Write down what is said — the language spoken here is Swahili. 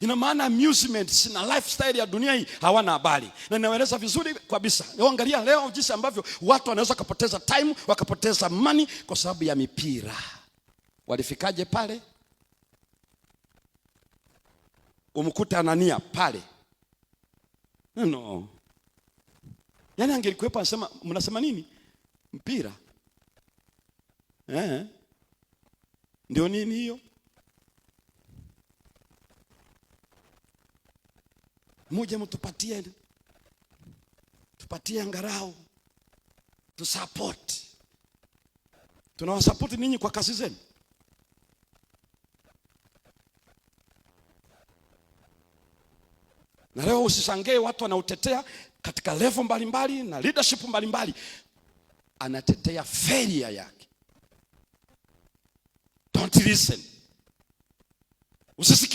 Ina maana amusement na lifestyle ya dunia hii hawana habari, na inaeleza vizuri kabisa. Angalia leo jinsi ambavyo watu wanaweza kupoteza time, wakapoteza money kwa sababu ya mipira. Walifikaje pale? Umkuta Anania pale no. Yaani angelikuwepo anasema, mnasema nini? Mpira eh? Ndio nini hiyo? muje mtupatie, tupatie angalau tusapoti. Tunawasapoti ninyi kwa kazi zenu. Na leo usishangae watu wanaotetea katika level mbalimbali na leadership mbalimbali Anatetea failure yake. Don't listen. Usisikilize.